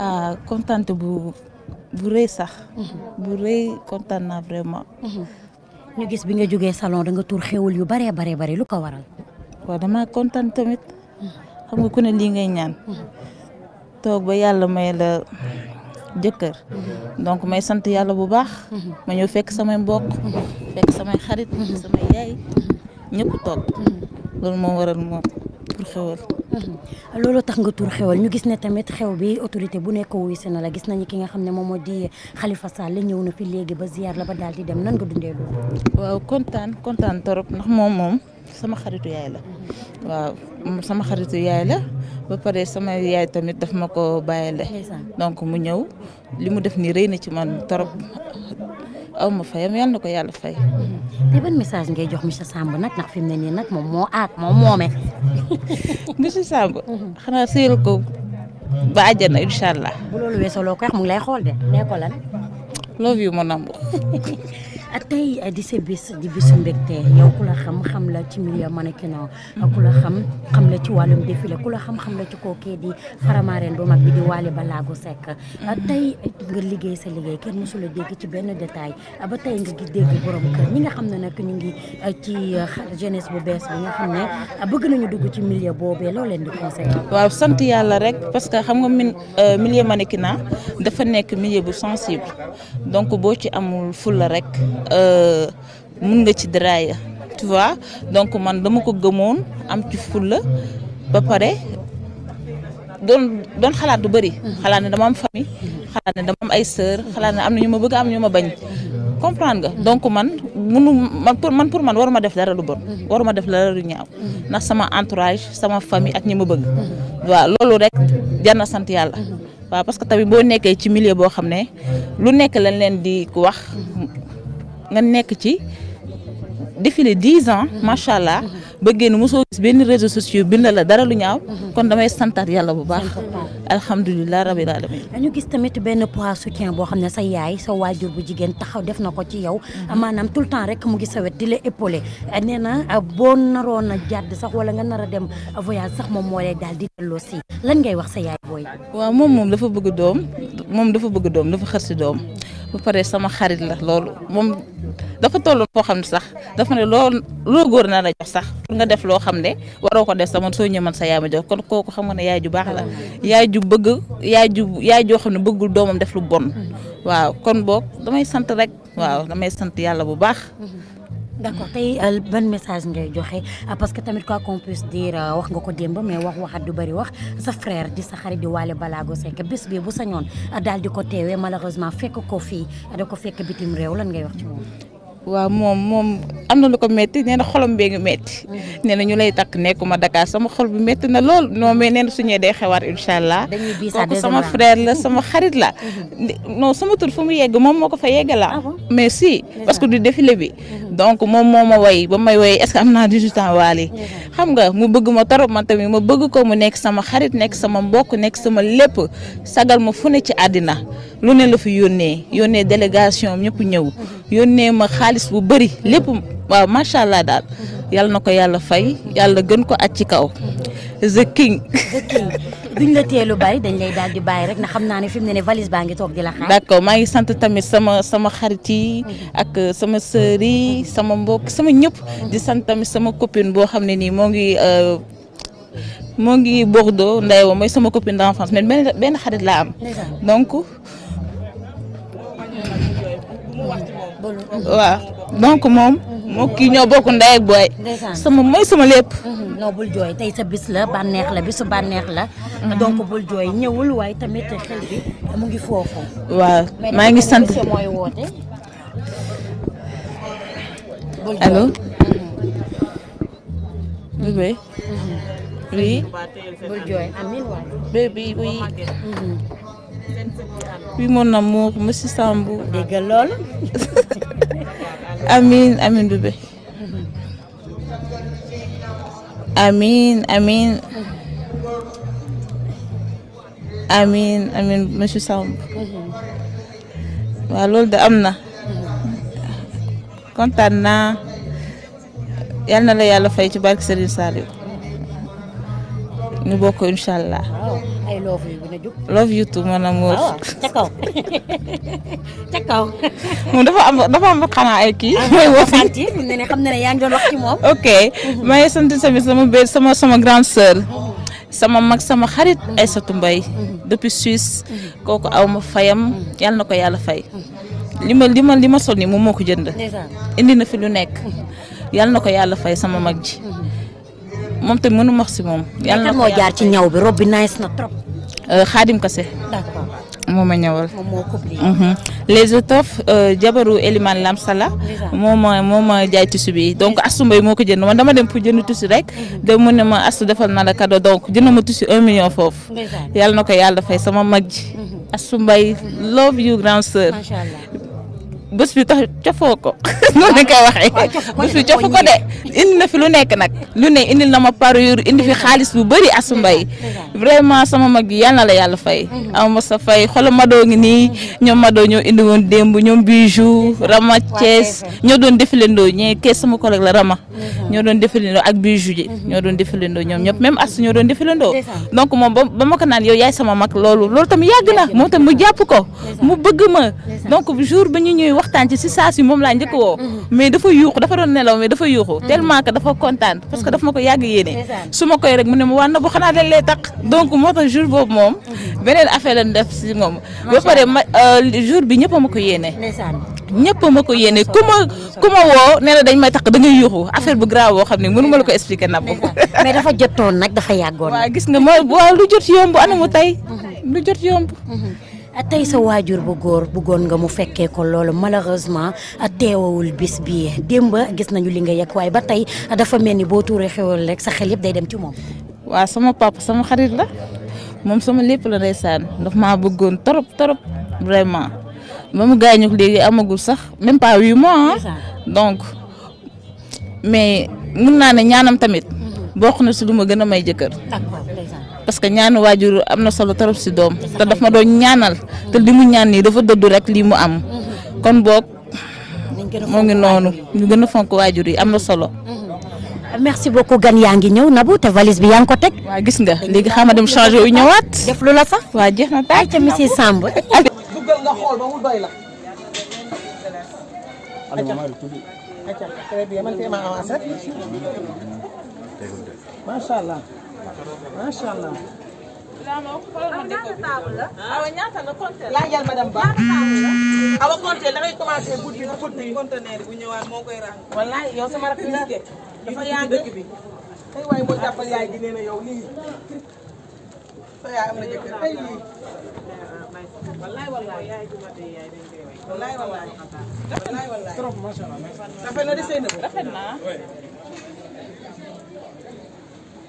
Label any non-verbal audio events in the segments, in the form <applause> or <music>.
ah euh, kontaan bu bu sax. Mhm. bu rëy kontaan naa vraiment. Mhm. ñu gis bi nga jógee salon da nga tur xewul yu baree baree bari lu ko waral. waaw dama kontaan tamit. Mhm. xam nga ku ne lii ngay ñaan. toog ba yàlla may la jëkkër. donc may sant yàlla bu baax. ma ñëw fekk samay mbokk. fekk samay xarit. samay yaay. ñëpp toog. loolu moo waral moom tur xewul. Mhm. loolu tax nga tur xewal ñu gis ne tamit xew bi autorité bu nekk wuy si na la gis nañu ki nga xam ne moom moo di Khalifa Sall ñëw na fi léegi ba ziar la ba daal di dem nan nga dundee loolu. waaw kontaan kontaan torop ndax moom moom sama xaritu yaay la. waaw sama xaritu yaay la ba pare sama yaay tamit daf ma ko bàyyi bàyyile. donc mu ñëw li mu def nii rëy na ci man torop. aw ma fayam yal na ko yàlla fay. te message ngay jox monsieur Samb nag ndax fi mu ne nii nag moom moo aak moom moome. <laughs> monsieur Samb. xanaa ko ba àjjana incha allah. bu loolu weesoo loo koy wax mu lay xool de love you mon amour. <laughs> Ah, tey ah, di sa bis di bisu mbégte yow ku la xam xam la ci milieu mannequinat ah, ku la xam xam la ci wàllum défilé ku la xam xam la ci kookee di faramaareen bu mag bi di Wally Ballago Seck tey nga liggéey sa liggéey kenn mosula dégg ci benn détail ba tey nga gi dégg borom nga xam ne nag ñu ngi ci jeunesse bu bees bi nga xam ne bëgg nañu dugg ci milieu boobee loo leen di conseil waaw sant yàlla rek parce que xam nga min euh, milieu mannequinat dafa nekk millier bu sensible donc boo ci amul fulla rek Euh, mun nga ci daraaya tu vois donc man dama ko gëmoon am ci fulla ba pare doon doon xalaat du bëri mhm. xalaat ne dama am famille xalaat ne dama am ay sœur xalaat ne am na ñu ma bëgg am ñu ma bañ comprendre nga mhm. donc man munu man pour man pour man waruma def dara lu bon mhm. waruma def dara lu ñaaw ndax sama entourage sama fami ak ñi ma bëgg waaw loolu rek jar na yàlla waaw parce tamit boo nekkee ci milieu boo xam ne lu nekk la leen di wax nga nekk ci défilé dix ans macha allah ba génn mosoo gis benn réseaux sociaux bind la dara lu ñaaw kon damay santaat yàlla bu baax alhamdulilah rabbil alamin dañu gis tamit benn poids soutien boo xam ne sa yaay sa waajur bu jigéen taxaw def na ko ci yow mhm. maanaam tout le temps rek mu ngi sa wet di la épaulé nee na boo naroon a jàdd sax wala nga nar a dem voyage sax moom moo lay daal ngay wax sa yaay booy waaw moom dafa bëgg doom moom dafa bëgg doom dafa xër si doom ba pare sama xarit la loolu moom dafa toll foo xam ne sax dafa ne loolu loo góor naa la jox sax pour nga def loo xam ne waroo ko def sama soo ñëw man sa yaa ma jox kon kooku xam nga ne yaay ju baax la yaay ju bëgg yaay ju yaay joo xam ne bëggul doomam def lu bon mm-hmm. waaw kon boog damay sant rek waaw damay sant yàlla bu baax d' accord euh, ban message ngay joxe ah, parce que tamit quoi qu'on puisse dire euh, wax nga ko démb wax waxat du bari wax sa frère di sa xarit di waale Ballago Seck bés bi bu sañoon ah, daal di ko teewee fekk ko fii ah, da ko fekk bitim réew lan ngay wax ci moom. waaw moom moom am na lu ko metti nee na xolam bee ngi métti. Mm-hmm. nee na ñu lay takk nekkuma dakaar sama xol bi métti na lool noo mais nee na su ñëwee day xewaat incha allah. kooku sama frère la sama xarit la. Mm-hmm. non sama tur fu mu yegg moom moo ko fa yeggalaa. la si parce que du défilé bi. Mm-hmm. donc moom moo ma woy ba may woy est ce que am naa 18 ans xam nga mu bëgg ma torop man tamit ma bëgg ko mu nekk sama xarit nekk sama mbokk nekk sama lépp sagal ma fu ne ci àddina lu ne la fi yónnee yónnee délégation ñëpp ñëw yónnee ma xaalis bu bëri lépp waaw macha allah daal yàlla na ko yàlla fay yàlla gën ko at ci kaw the king <laughs> duñ la téye lu dañ lay daal di bàyyi rek na xam naa ne fi mu ne ne ngi toog di la xaar. maa ngi sant tamit sama sama xarit yi ak sama sœur yi sama mbok sama ñëpp di sant tamit sama copine boo xam ne nii moo ngi euh, moo ngi Bordeaux Ndeye mooy sama copine d'enfance mais benn benn xarit laa am donc waaw donc moom. moo kii ñoo bokk ndey ak booy. sama mooy sama lépp. Mm-hmm. bul jooy tey sa bis la bànneex la bisu bànneex la. Mm-hmm. donc bul jooy ñëwul waaye tamit xel bi mu ngi foofu. waaw maa ngi sant mooy woote. allo. bul jooy mm-hmm. amiin waay. bébé oui. oui mon amour monsieur Sambou. dégg loolu. <laughs> amiin amiin bébé amiin amiin amiin amiin monsieur Samb waaw de am na kontaan naa yal na la yàlla fay ci barke Serigne Saliou ñu bokk incha allah. loofu yu gën a jub. kaw ca kaw. <laughs> dafa am dafa am xanaa ay kii. Ah, mooy na ne yaa wax ci moom. sant tamit sama bé sama sama grande sama mag sama xarit Aïssatou Mbaye depuis Suisse kooku aw ma fayam yàlla na ko yàlla fay li ma li ma li ma sol ni moom moo ko jënd indi na fi lu nekk yàlla na ko yàlla fay sama mag ji moom tamit mënu wax si moom yàlla na ko moo ci ñaw bi rob bi nice na trop Euh, Khadim Kassé. d'accord moom a ñëwal. moom moo couplé. Mhm. les étoffes euh, jabaru Elimane Lam Sala. ma moo moom moo jaay tissu bi donc Astou Mbaye moo ko jënd man dama dem pour jënd tissu rek. Mhm. da mu ne ma Astou defal na la cadeau donc jënd ma tissu un million foofu. yàlla na yàlla dafay sama mag ji. Mhm. Astou love you grand sœur. bés bi tax cafoo ko <laughs> noonu la koy waxee bi cafu de indi na fi lu nekk nag lu ne indil na ma parure indi fi xaalis bu bëri asu mbay vraiment sama mag bi yal na la yàlla fay mhm. ama sa fay xola madoo ngi nii mhm. ñoom madoo ñoo indi woon démb ñoom bijou mhm. rama Thiès ñoo doon defalandoo ñee Thiès sama collègue la rama ñoo doon defalandoo ak bijou ji ñoo doon defalandoo ñoom ñëpp même asu ño doon defalandoo donc moom ba ma ko naan yow yaay sama mag loolu loolu tamit yàgg na moom tamit mu jàpp ko mu ma jour ba ñu ñuy waxtaan ci si saa si moom laa njëkk woo mm-hmm. mais dafa yuuxu dafa doon nelaw mais dafa yuuxu mm-hmm. tellement que dafa kontaan parce que dafa ma ko yàgg yéene su ma koy rek mu ne ma wànna bu xanaa moo tax jour boobu moom mm-hmm. beneen affaire lañ def si moom ba ma euh, bi ñëpp ma ko yéene ñëpp ma ko yéene ku ma ku woo nee dañ may taq da ngay yuuxu affaire bu grave boo xam ne mënu ma la ko expliquer nag mais dafa jotoon nag dafa yàggoon <laughs> waaw jot yomb ana lu jot yomb a tey sa waajur bu góor buggoon nga mu fekkee ko loolu malheureusement teewawul bis bi démb gis nañu li nga yegg waaye ba tey dafa mel ni boo tuuree xewal rek sa xel yëpp day dem ci moom. waaw sama papa sama xarit la moom sama lépp la ndeysaan ndax maa bëggoon torop torop vraiment ba mu gaañu léegi amagul sax même pas huit mois ah. donc mais mun naa ne ñaanam tamit. bokk na si lu ma gën a may jëkkër. parce que ñaan waajur am na solo trop si doom te daf ma doon ñaanal te li mu ñaan nii dafa dëdd rek lii mu am mhm. kon boog moo ngi noonu ñu gën a fonk waajur yi am na solo. Mhm. merci beaucoup gan yaa ngi ñëw Nabou te bi yaa ngi ko teg. waa gis léegi xam dem changé ñëwaat. def sax waa jeex taay ca Samb. <laughs> duggal tegul def. macha allah macha allah. awa ñaata la compter laajal madame Ba. awa compter da ngay commencer but bi ba but bi conteneur bu ñëwaat moo koy rang. wallaay yow sama rakk la dafa yàgg dëkk bi. tey waaye moo jàppal yaay gi nee na yow lii sa yaay am na jëkkër tey lii. wallaay wallaay wallaay wallaay. trop macha allah. rafet na de seen rafet na.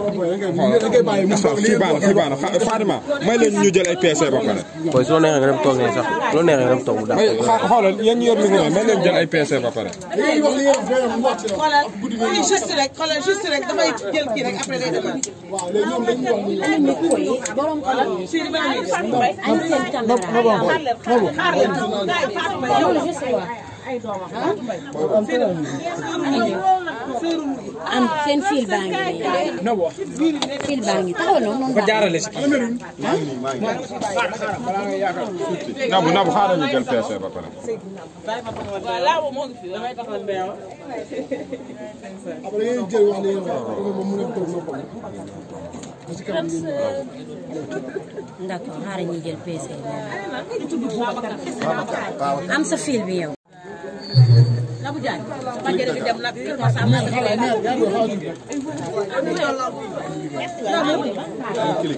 Fatima may leen ñu jël ay PC ba pare. booy su la neexee nga dem toog ne sax loo neexee nga dem toog bu daaw. may leen jël ay PC ba pare. ay doomam ah? am seen fil baa ngi nii fil baa ngi taxaw na noonu jaarale si nabu nabu xaaral ñu jël peese ba pare d'accord xaaral ñu jël peese am sa fil bi yow Nabou Diagne sama njëriñ bi dem nag bi ma sàmm ak xale yi. mais xaar tuuti xaar tuuti.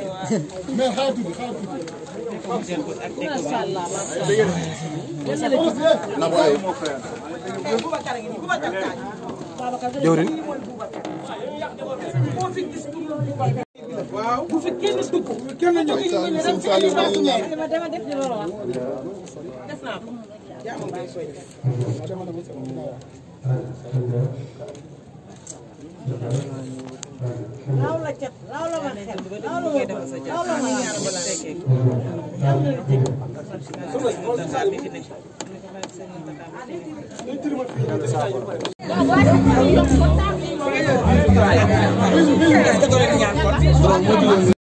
macha allah macha allah. jëwrin. waaw bu fi kenn dugg kenn ñëw. def naa ko. laaw la cat laaw la ma xel laaw la ma laaw la ma ñaar ba la fekkee laaw la la jëkk Thank you.